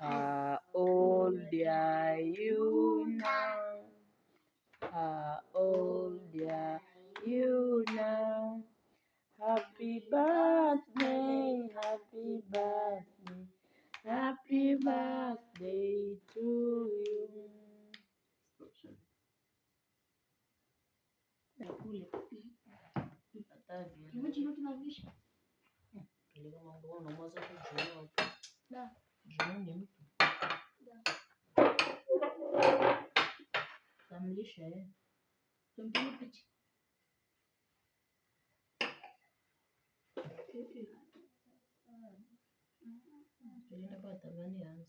How old are you now? How old are you now? Happy birthday, happy birthday, happy birthday to you. Kule. Живем Да. Там лишая. Там пить. Ele tá não pode estar ganhando.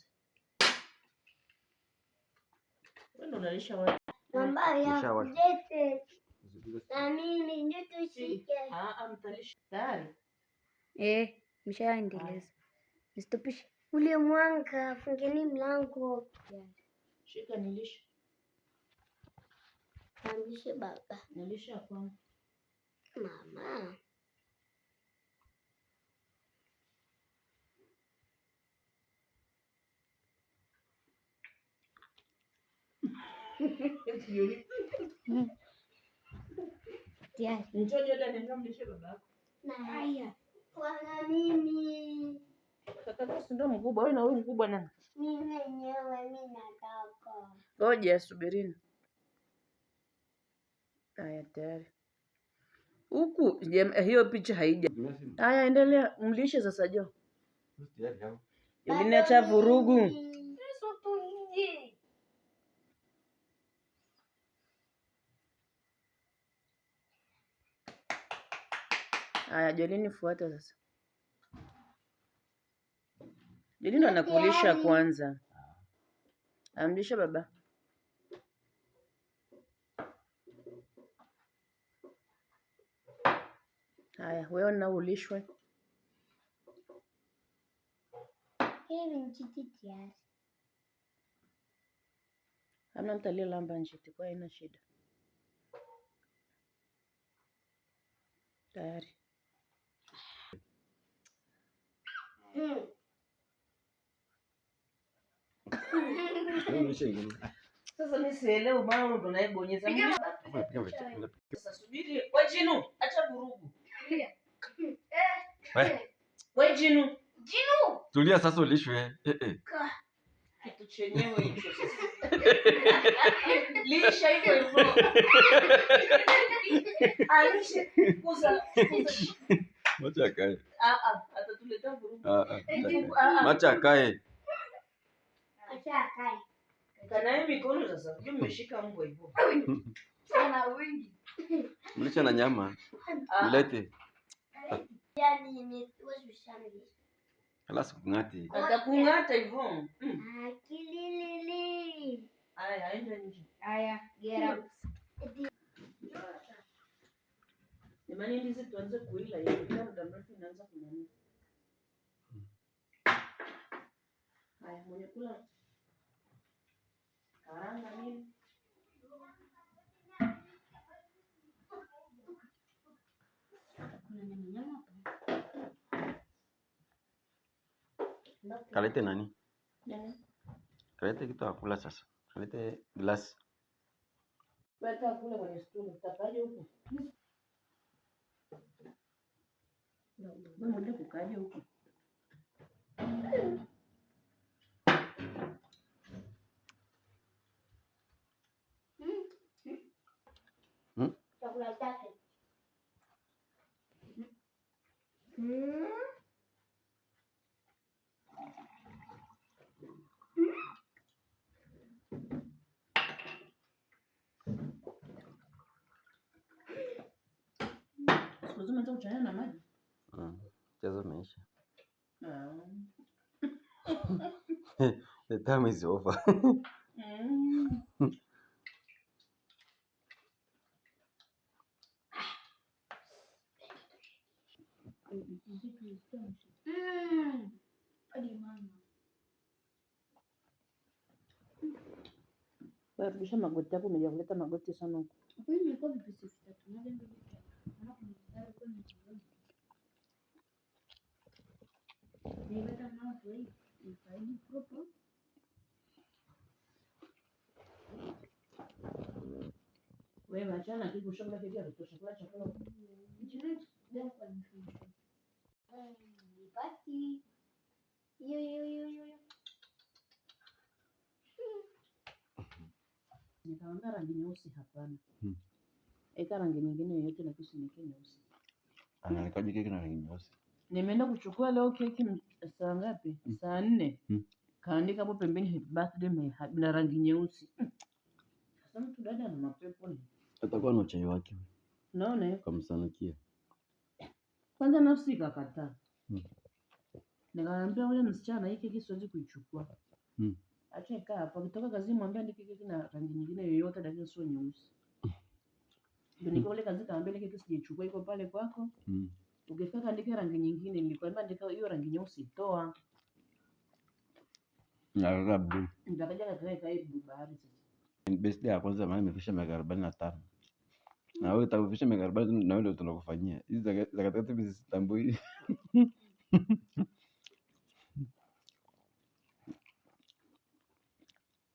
Quando ele ah, ah, tá tá, é, chama. Mamãe, eu Amini, nito shike. Ha, am eu Dar. Eh, misha Estou Istupish. Ule mwanga fungeni mlango. Shika nilishe. Nilishe baba. Nilishe kwa mama. Mtoto yote Na mimi ndio mkubwa, wewe na mkubwa nani? Mimi mwenyewe mimi nataka. Ngoja subirini. tayari. Huku eh, hiyo picha haija. endelea, mlishe sasa jo. Iliniacha yaani vurugu. Aya, Jolini, fuata sasa ndo anakulisha yaani, kwanza, amlisha baba. Haya, wewe na ulishwe. Hamna mtu aliyelamba njiti, kwa haina shida. Tayari. Mm. Sasa mimi sielewi maana ndo naibonyeza. Sasa subiri, wewe Jinu, acha vurugu. Eh, eh. Wewe Jinu. Jinu. Tulia sasa ulishwe. Eh eh. Kitu chenyewe hicho Lisha hivyo hivyo. Aisha, kuza. Macha kae. Ah ah, atatuletea vurugu. Ah ah. Eh, ah, ah. Macha kae. Macha kae. Kanae mikono sasa. mmeshika mbwa hivyo. Sana wingi. Mlisha na nyama. Ah. Mlete. Yaani imeweza shamba. Ala sikungate. Atakungata hivyo. Mm. Akililili. Ah, Aya, aenda nje. Aya, gera. Jamani ndizi tuanze kuila hiyo. Kila muda mrefu inaanza kunani. Hmm. Aya, mwenye kula Kalete nani? Nani? Kalete kitu akula sasa. Kalete glasi. Weka kule kwenye stuli, utakaje huko? Mama ndio kukaje huko? Hmm? Chakula chake. Scusa, ma tu cena, ma... Ah, chiaramente. Ah. Até mais hum, tá ova. Mm. magoti yako, umeja kuleta magoti sana huko. Wewe machana kitu shamba kidia kutosha chakula. Bati. Yo, yo, yo, yo, yo. Hmm. Nikamwambia rangi nyeusi hapana. Hmm. Eka rangi nyingine yoyote na kisha niweke nyeusi. Anawekaje ah, keki na rangi nyeusi? Nimeenda kuchukua leo keki saa ngapi? Hmm. Saa nne. Hmm. Kaandika hapo pembeni happy birthday na rangi nyeusi. Hmm. Sasa mtu dada ana mapepo ni. Atakuwa na uchai wake. Naona hiyo. Eh? Kwanza nafsi ikakataa Hmm. Nikamwambia yule msichana hii keki siwezi kuichukua. Mm. Acha ikae hapo. Akitoka kazini mwambie andike keki na rangi nyingine yoyote lakini sio nyeusi. Ndio niko ile kazi kaambia ile keki sijaichukua iko pale kwako. Mm. Ukifika andike rangi nyingine, nilikwambia andika hiyo rangi nyeusi toa. Na rabu. Nitakuja katika kaibu bahari sasa. Birthday ya kwanza maana imefikisha miaka 45. Na wewe utakufikisha miaka 40 na wewe ndio tunakufanyia. Hizi za katikati mimi sitambui.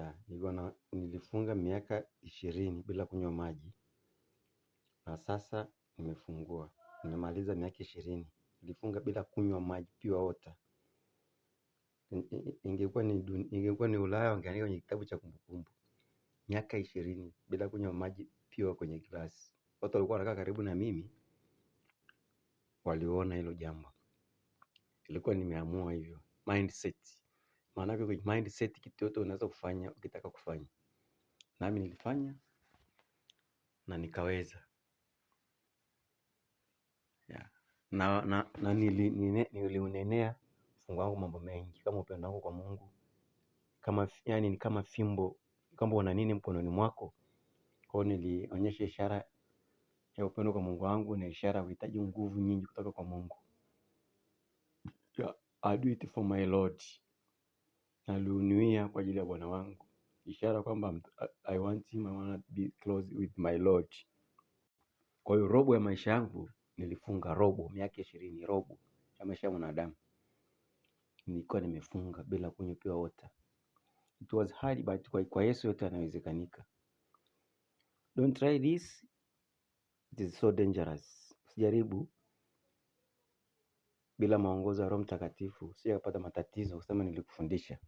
afya nilifunga miaka ishirini bila kunywa maji na sasa nimefungua. Nimemaliza miaka ishirini. Nilifunga bila kunywa maji pure water. Ingekuwa ni Ulaya wangeandika kwenye kitabu cha kumbukumbu. Miaka ishirini bila kunywa maji pure kwenye glasi. Watu walikuwa wanakaa karibu na mimi waliona hilo jambo. Ilikuwa nimeamua hivyo mindset. Maanake kwenye mindset kitu yote unaweza kufanya ukitaka kufanya. Nami nilifanya na nikaweza. Na, na, na niliunenea Mungu wangu mambo mengi kama upendo wangu kwa Mungu kama, yani ni kama fimbo kwamba una nini mkononi mwako. Kwa nilionyesha ishara ya upendo kwa Mungu wangu na ishara ya uhitaji nguvu nyingi kutoka kwa Mungu. Yeah, I do it for my Lord naliunuia kwa ajili ya bwana wangu, ishara kwamba I want him, I want to be close with my Lord. Kwa hiyo robo ya maisha yangu nilifunga, robo miaka ishirini, robo ya maisha ya mwanadamu nilikuwa nimefunga bila kunywa pure water. It was hard but kwa, kwa Yesu yote yanawezekanika. Don't try this, it is so dangerous. Usijaribu bila maongozo ya Roho Mtakatifu usije matatizo, kusema nilikufundisha.